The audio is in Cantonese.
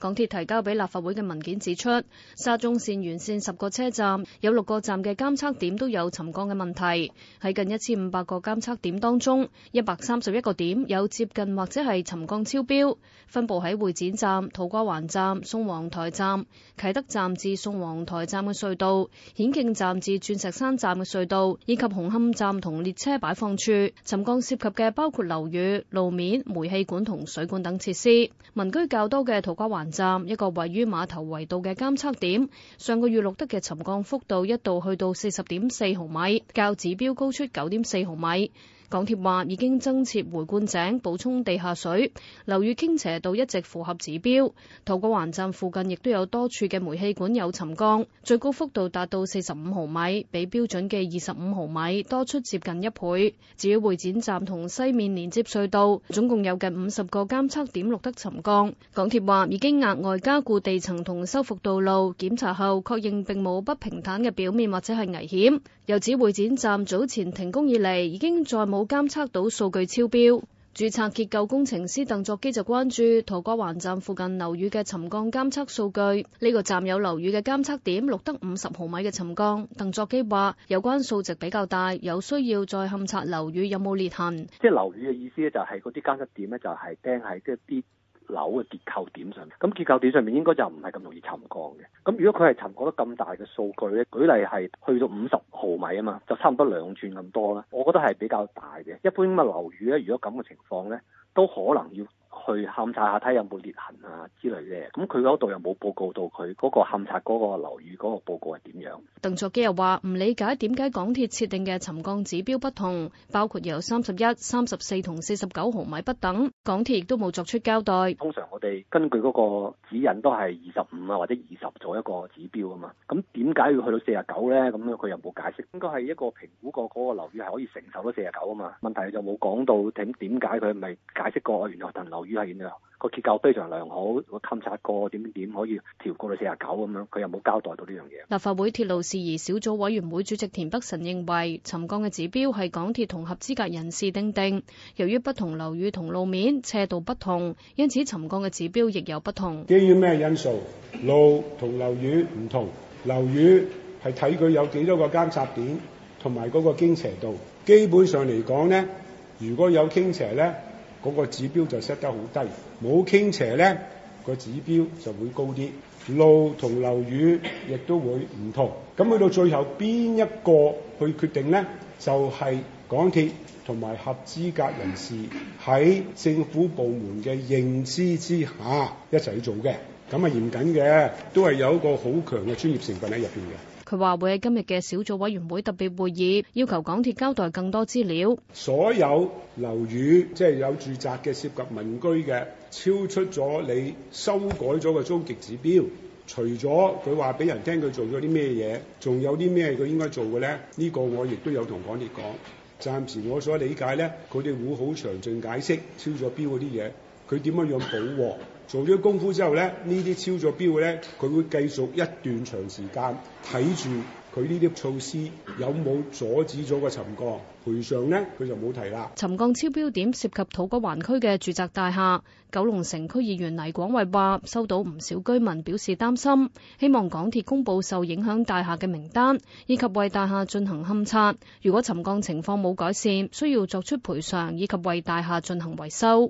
港鐵提交俾立法會嘅文件指出，沙中綫沿綫十個車站有六個站嘅監測點都有沉降嘅問題。喺近一千五百個監測點當中，一百三十一個點有接近或者係沉降超標，分布喺會展站、土瓜灣站、宋皇台站、啟德站至宋皇台站嘅隧道、顯徑站至鑽石山站嘅隧道，以及紅磡站同列車擺放處。沉降涉及嘅包括樓宇、路面、面煤氣管同水管等設施。民居較多嘅土瓜灣站一個位於碼頭圍道嘅監測點，上個月錄得嘅沉降幅度一度去到四十點四毫米，較指標高出九點四毫米。港鐵話已經增設回灌井補充地下水，樓宇傾斜度一直符合指標。土瓜灣站附近亦都有多處嘅煤氣管有沉降，最高幅度達到四十五毫米，比標準嘅二十五毫米多出接近一倍。至於會展站同西面連接隧道，總共有近五十個監測點錄得沉降。港鐵話已經額外加固地層同修復道路，檢查後確認並冇不平坦嘅表面或者係危險。又指會展站早前停工以嚟，已經再冇。冇監測到數據超標，註冊結構工程師鄧作基就關注土瓜環站附近樓宇嘅沉降監測數據。呢、這個站有樓宇嘅監測點錄得五十毫米嘅沉降。鄧作基話：有關數值比較大，有需要再勘察樓宇有冇裂痕。即係樓宇嘅意思咧、就是，就係嗰啲監測點咧，就係釘喺即係啲。樓嘅結構點上面，咁結構點上面應該就唔係咁容易沉降嘅。咁如果佢係沉降得咁大嘅數據咧，舉例係去到五十毫米啊嘛，就差唔多兩寸咁多啦。我覺得係比較大嘅。一般咁嘅樓宇咧，如果咁嘅情況咧，都可能要，去勘察下睇有冇裂痕啊之類嘅，咁佢嗰度又冇報告到佢嗰個勘察嗰個樓宇嗰個報告係點樣？鄧卓基又話唔理解點解港鐵設定嘅沉降指標不同，包括由三十一、三十四同四十九毫米不等，港鐵亦都冇作出交代。通常我哋根據嗰個指引都係二十五啊或者二十左右一個指標啊嘛，咁點解要去到四十九咧？咁樣，佢又冇解釋，應該係一個評估過嗰個樓宇係可以承受到四十九啊嘛？問題就冇講到點點解佢唔係解釋過原來。樓宇係點樣？個結構非常良好，個勘察過點點點可以調過去四廿九咁樣，佢有冇交代到呢樣嘢？立法會鐵路事宜小組委員會主席田北辰認為，沉降嘅指標係港鐵同合資格人士定定。由於不同樓宇同路面斜度不同，因此沉降嘅指標亦有不同。基於咩因素？路同樓宇唔同，樓宇係睇佢有幾多個監察點，同埋嗰個傾斜度。基本上嚟講呢，如果有傾斜咧，嗰個指標就 set 得好低，冇傾斜呢、個指標就會高啲。路同樓宇亦都會唔同。咁去到最後邊一個去決定呢？就係、是、港鐵同埋合資格人士喺政府部門嘅認知之下一齊做嘅。咁啊嚴謹嘅，都係有一個好強嘅專業成分喺入邊嘅。佢話會喺今日嘅小組委員會特別會議要求港鐵交代更多資料。所有樓宇即係、就是、有住宅嘅涉及民居嘅，超出咗你修改咗嘅終極指標，除咗佢話俾人聽佢做咗啲咩嘢，仲有啲咩佢應該做嘅咧？呢、這個我亦都有同港鐵講。暫時我所理解咧，佢哋會好詳盡解釋超咗標嗰啲嘢。佢點樣樣保鑊？做咗功夫之後呢，呢啲超咗標呢，佢會繼續一段長時間睇住佢呢啲措施有冇阻止咗個沉降。賠償呢，佢就冇提啦。沉降超標點涉及土瓜灣區嘅住宅大廈，九龍城區議員黎廣衛話：收到唔少居民表示擔心，希望港鐵公佈受影響大廈嘅名單，以及為大廈進行勘測。如果沉降情況冇改善，需要作出賠償以及為大廈進行維修。